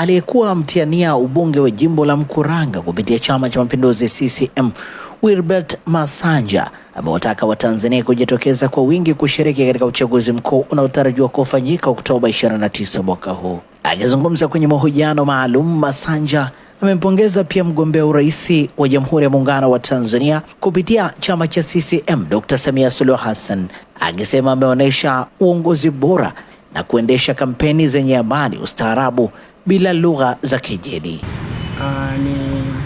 Aliyekuwa mtiania ubunge wa jimbo la Mkuranga kupitia chama cha mapinduzi CCM Wilbert Masanja amewataka Watanzania kujitokeza kwa wingi kushiriki katika uchaguzi mkuu unaotarajiwa kufanyika Oktoba 29 mwaka huu. Akizungumza kwenye mahojiano maalum, Masanja amempongeza pia mgombea urais wa Jamhuri ya Muungano wa Tanzania kupitia chama cha CCM Dr. Samia Suluhu Hassan, akisema ameonyesha uongozi bora na kuendesha kampeni zenye amani, ustaarabu bila lugha za kigeni. Ah, ni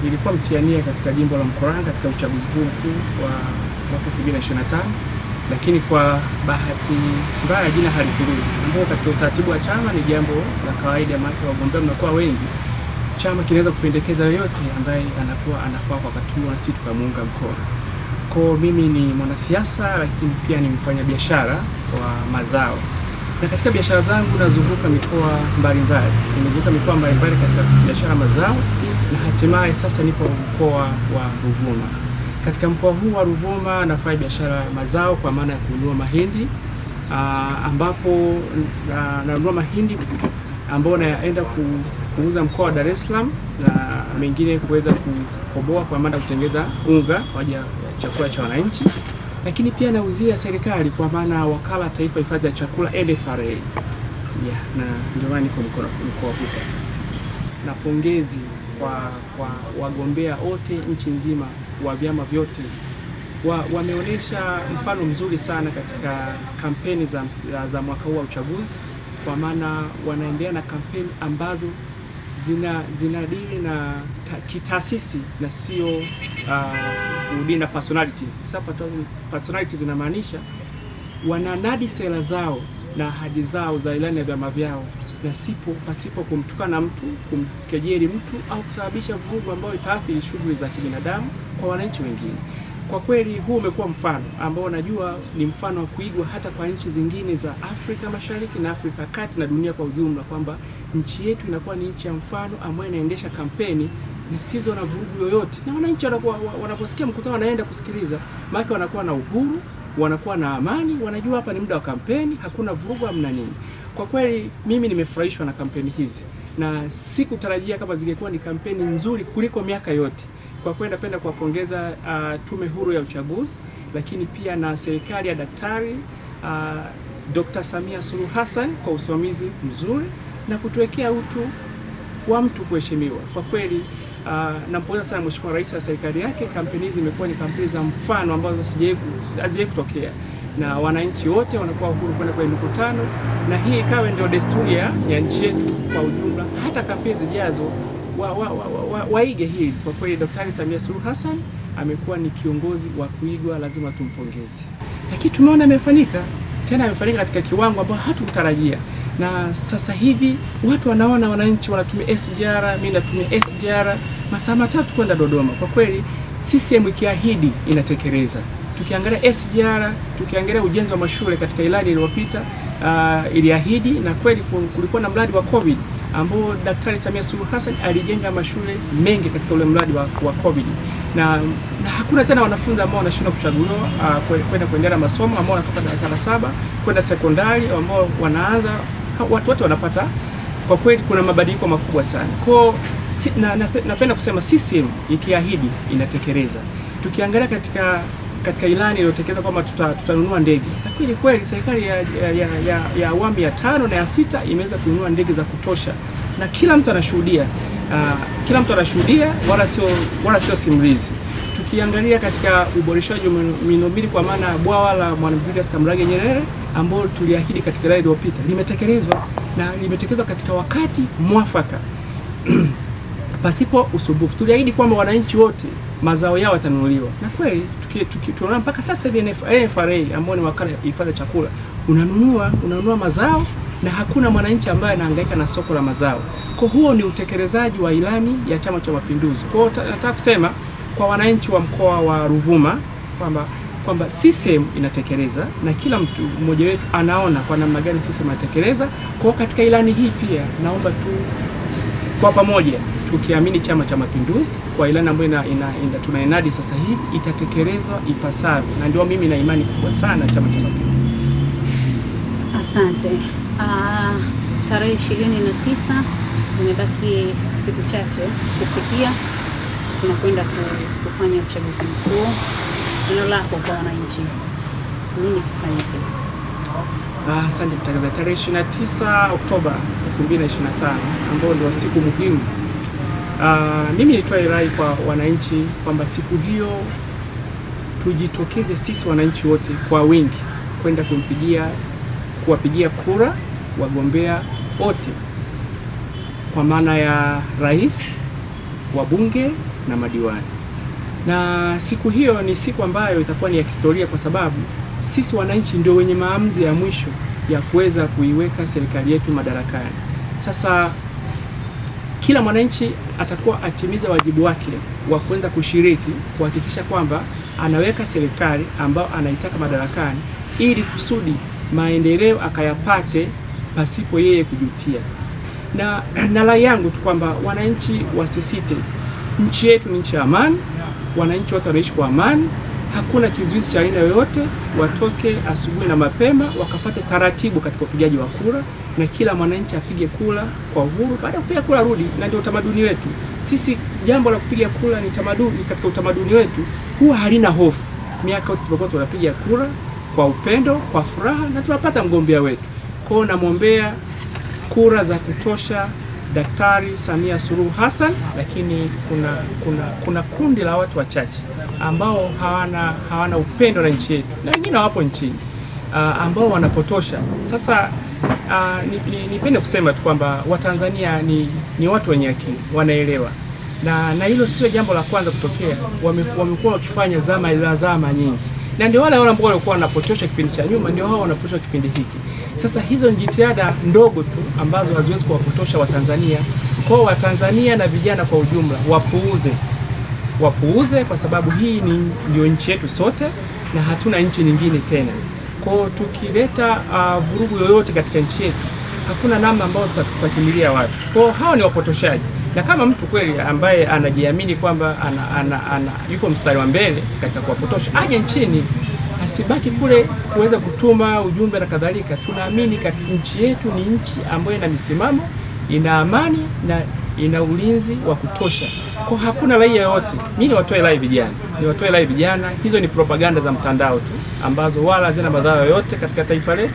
ilikuwa mtiania katika jimbo la Mkuranga katika uchaguzi huu mkuu wa mwaka 2025 lakini kwa bahati mbaya jina halikurudi, ambapo katika utaratibu wa chama ni jambo la kawaida, maana wagombea mnakuwa wengi, chama kinaweza kupendekeza yoyote ambaye anakuwa anafaa kwa wakati huo, na sisi tukamuunga mkono. Kwa mimi ni mwanasiasa, lakini pia ni mfanyabiashara wa mazao na katika biashara zangu nazunguka mikoa mbalimbali, nimezunguka mikoa mbalimbali katika biashara mazao, na hatimaye sasa nipo mkoa wa Ruvuma. Katika mkoa huu wa Ruvuma nafanya biashara mazao kwa maana ya kununua mahindi uh, ambapo ah, nanunua mahindi ambayo naenda kuuza mkoa wa Dar es Salaam na mengine kuweza kukoboa kwa maana kutengeza unga kwa ajili ya chakula cha wananchi lakini pia nauzia serikali kwa maana wakala taifa hifadhi ya chakula NFRA. Yeah, na ndio maana niko mkoa huu kwa sasa, na pongezi kwa kwa wagombea wote nchi nzima wa vyama vyote wa, wameonyesha mfano mzuri sana katika kampeni za, za mwaka huu wa uchaguzi, kwa maana wanaendelea na kampeni ambazo zina zinadili na kitaasisi na sio uh, udini na personalities. Sasa personalities inamaanisha wananadi sera zao na ahadi zao za ilani ya vyama vyao na sipo pasipo kumtukana mtu, kumkejeli mtu au kusababisha vurugu ambayo itaathiri shughuli za kibinadamu kwa wananchi wengine. Kwa kweli huu umekuwa mfano ambao najua ni mfano wa kuigwa hata kwa nchi zingine za Afrika Mashariki na Afrika Kati na dunia kwa ujumla, kwamba nchi yetu inakuwa ni nchi ya mfano ambayo inaendesha kampeni zisizo na vurugu yoyote, na wananchi wanakuwa wanaposikia mkutano wanaenda kusikiliza, maana wanakuwa na uhuru, wanakuwa na amani, wanajua hapa ni muda wa kampeni, hakuna vurugu, hamna nini. Kwa kweli mimi nimefurahishwa na kampeni hizi na sikutarajia kama zingekuwa ni kampeni nzuri kuliko miaka yote. Kwa kweli napenda kuwapongeza uh, Tume Huru ya Uchaguzi, lakini pia na serikali ya Daktari uh, Dr. Samia Suluhu Hassan kwa usimamizi mzuri na kutuwekea utu wa mtu kuheshimiwa. Kwa kweli uh, nampongeza sana Mheshimiwa Rais na serikali yake. Kampeni hizi zimekuwa ni kampeni za mfano ambazo hazijawahi kutokea na wananchi wote wanakuwa huru kwenda kwenye mikutano, na hii ikawe ndio desturi ya nchi yetu kwa ujumla. Hata kampeni zijazo wa, wa, wa, wa, waige hili. Kwa kweli Daktari Samia Suluhu Hassan amekuwa ni kiongozi wa kuigwa, lazima tumpongeze. Lakini tumeona amefanyika tena, amefanyika katika kiwango ambacho hatukutarajia, na sasa hivi watu wanaona, wananchi wanatumia SGR, mimi natumia SGR masaa matatu kwenda Dodoma. Kwa kweli CCM ikiahidi inatekeleza. Tukiangalia SGR, tukiangalia ujenzi wa mashule katika ilani iliyopita, uh, iliahidi na kweli kulikuwa na mradi wa COVID ambao Daktari Samia Suluhu Hassan alijenga mashule mengi katika ule mradi wa, wa COVID na, na hakuna tena wanafunzi ambao wanashindwa kuchaguliwa ah, kwenda kuendelea masomo ambao wanatoka darasa la saba kwenda sekondari ambao wanaanza watu wote wanapata. Kwa kweli kuna mabadiliko makubwa sana kwa si, na, na, napenda kusema CCM ikiahidi inatekeleza. Tukiangalia katika katika ilani iliyotekelezwa kwamba tutanunua tuta ndege, na kweli kweli serikali ya, ya, ya, ya, ya ya tano na ya sita imeweza kununua ndege za kutosha, na kila mtu anashuhudia uh, kila mtu anashuhudia, wala sio wala sio simulizi. Tukiangalia katika uboreshaji wa miundombinu kwa maana bwawa la Mwalimu Julius Kambarage Nyerere ambao tuliahidi katika ilani iliyopita limetekelezwa na limetekelezwa katika wakati mwafaka pasipo usumbufu. Tuliahidi kwamba wananchi wote mazao yao yatanunuliwa, na kweli tunaona mpaka sasa hivi NFRA ambao ni wakala hifadhi ya chakula unanunua unanunua mazao na hakuna mwananchi ambaye anahangaika na soko la mazao. Kwa huo ni utekelezaji wa ilani ya Chama cha Mapinduzi. Kwa hiyo nataka kusema kwa wananchi wa mkoa wa Ruvuma kwamba kwamba CCM inatekeleza na kila mtu mmoja wetu anaona kwa namna gani CCM inatekeleza. Kwa hiyo katika ilani hii pia naomba tu kwa pamoja tukiamini Chama cha Mapinduzi kwa ilani ambayo ina, ina, ina, tunaenadi sasa hivi itatekelezwa ipasavyo, na ndio mimi na imani kubwa sana Chama cha Mapinduzi. Asante. Uh, tarehe 29 imebaki siku chache kufikia, tunakwenda kufanya uchaguzi mkuu. Neno lako kwa wananchi nini kifanyike? Ah, asante mtangazaji. Tarehe 29 Oktoba 2025 ambayo ndio siku muhimu Uh, mimi nitoe rai kwa wananchi kwamba siku hiyo tujitokeze sisi wananchi wote kwa wingi kwenda kumpigia kuwapigia kura wagombea wote kwa maana ya rais, wabunge na madiwani. Na siku hiyo ni siku ambayo itakuwa ni ya kihistoria kwa sababu sisi wananchi ndio wenye maamuzi ya mwisho ya kuweza kuiweka serikali yetu madarakani. Sasa kila mwananchi atakuwa atimiza wajibu wake wa kwenda kushiriki kuhakikisha kwamba anaweka serikali ambayo anaitaka madarakani ili kusudi maendeleo akayapate pasipo yeye kujutia. Na, na rai yangu tu kwamba wananchi wasisite, nchi yetu ni nchi ya amani, wananchi wote wanaishi kwa amani hakuna kizuizi cha aina yoyote, watoke asubuhi na mapema wakafate taratibu katika upigaji wa kura, na kila mwananchi apige kura kwa uhuru. Baada ya kupiga kura rudi, na ndio utamaduni wetu sisi. Jambo la kupiga kura ni tamaduni, katika utamaduni wetu huwa halina hofu. Miaka yote tumekuwa tunapiga kura kwa upendo, kwa furaha na tunapata mgombea wetu kwao. Namwombea kura za kutosha Daktari Samia Suluhu Hassan, lakini kuna, kuna, kuna kundi la watu wachache ambao hawana, hawana upendo na nchi yetu na wengine wapo nchini uh, ambao wanapotosha. Sasa uh, ah, nipende ni, ni kusema tu kwamba Watanzania ni, ni watu wenye akili, wanaelewa na na hilo sio jambo la kwanza kutokea, wamekuwa wakifanya zama za zama nyingi na ndio wale wale ambao walikuwa wanapotosha kipindi cha nyuma, ndio hao wanapotosha kipindi hiki. Sasa hizo ni jitihada ndogo tu ambazo haziwezi kuwapotosha Watanzania. Kwa Watanzania na vijana kwa ujumla, wapuuze wapuuze, kwa sababu hii ni ndio nchi yetu sote na hatuna nchi nyingine tena. Kwa tukileta uh, vurugu yoyote katika nchi yetu, hakuna namna ambayo tutakimilia watu. Kwa hao ni wapotoshaji na kama mtu kweli ambaye anajiamini kwamba ana, ana, ana, yuko mstari wa mbele katika kuwapotosha aje nchini, asibaki kule kuweza kutuma ujumbe na kadhalika. Tunaamini katika nchi yetu ni nchi ambayo ina misimamo, ina amani na ina ulinzi wa kutosha, kwa hakuna raia yoyote. Mimi niwatoe rai vijana, niwatoe rai vijana, hizo ni propaganda za mtandao tu ambazo wala hazina madhara yoyote katika taifa letu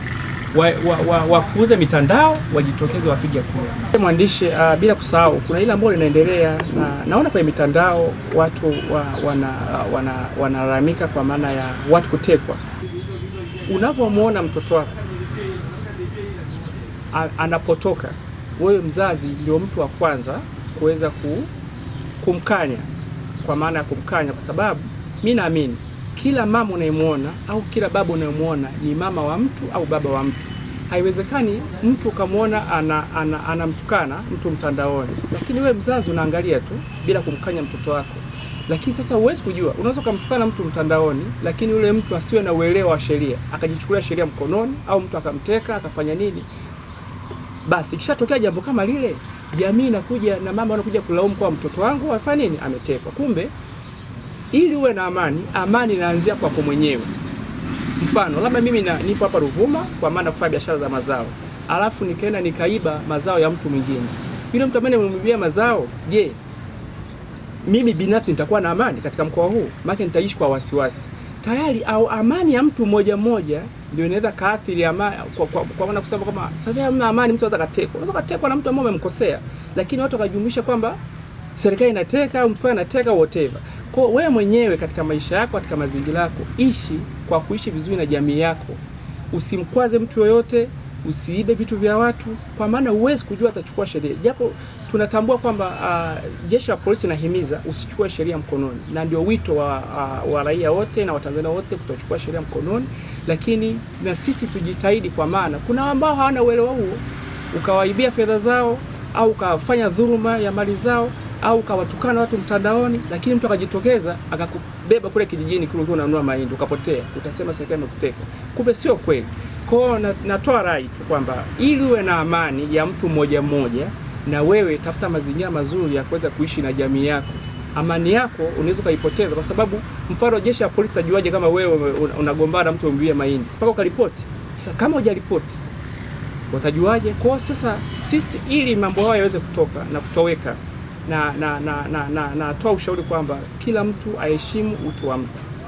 wapuuze wa, wa, mitandao wajitokeze wapiga kura. Mwandishi uh, bila kusahau kuna ile ambayo inaendelea na naona kwenye mitandao watu wanalalamika wana, wana, wana kwa maana ya watu kutekwa. Unavyomwona mtoto wako anapotoka, wewe mzazi ndio mtu wa kwanza kuweza kumkanya, kwa maana ya kumkanya, kwa sababu mi naamini kila mama unayemwona au kila baba unayemwona ni mama wa mtu au baba wa mtu. Haiwezekani mtu ukamwona anamtukana ana, ana, ana mtu mtandaoni, lakini we mzazi unaangalia tu bila kumkanya mtoto wako. Lakini sasa huwezi kujua, unaweza ukamtukana mtu mtandaoni, lakini yule mtu asiwe na uelewa wa sheria akajichukulia sheria mkononi, au mtu akamteka akafanya nini. Basi ikishatokea jambo kama lile, jamii inakuja na mama wanakuja kulaumu kwa mtoto wangu afanya nini, ametekwa, kumbe ili uwe na amani, amani inaanzia kwako mwenyewe. Mfano, labda mimi na, nipo hapa Ruvuma kwa maana kufanya biashara za mazao, alafu nikaenda nikaiba mazao ya mtu mwingine, yule mtu ambaye nimemwibia mazao, je, mimi binafsi nitakuwa na amani katika mkoa huu? Maana nitaishi kwa wasiwasi tayari, au amani ya mtu mmoja mmoja ndio inaweza kaathiri amani kwa, kwa, kwa maana kusema kama sasa hamna amani, mtu anaweza katekwa, anaweza katekwa na mtu ambaye umemkosea, lakini watu wakajumlisha kwamba serikali inateka au mtu fulani anateka whatever. Kwa wewe mwenyewe katika maisha yako, katika mazingira yako, ishi kwa kuishi vizuri na jamii yako. Usimkwaze mtu yoyote, usiibe vitu vya watu, kwa maana huwezi kujua atachukua sheria. Japo tunatambua kwamba uh, jeshi la polisi nahimiza usichukue sheria mkononi, na ndio wito wa, uh, wa raia wote na Watanzania wote kutochukua sheria mkononi, lakini na sisi tujitahidi, kwa maana kuna ambao hawana uelewa huo, ukawaibia fedha zao au ukafanya dhuluma ya mali zao au kawatukana watu mtandaoni, lakini mtu akajitokeza akakubeba kule kijijini kule ukiwa unanunua mahindi ukapotea, utasema serikali imekuteka, kumbe sio kweli. Kwa hiyo natoa rai tu kwamba ili uwe na amani ya mtu mmoja mmoja, na wewe tafuta mazingira mazuri ya kuweza kuishi na jamii yako. Amani yako unaweza ukaipoteza kwa sababu, mfano jeshi la polisi tajuaje kama wewe unagombana na mtu umvie mahindi? Sipaka ukaripoti. Sasa kama hujaripoti watajuaje? Kwa sasa sisi, ili mambo hayo yaweze kutoka na kutoweka na natoa na, na, na, na, ushauri kwamba kila mtu aheshimu utu wa mtu.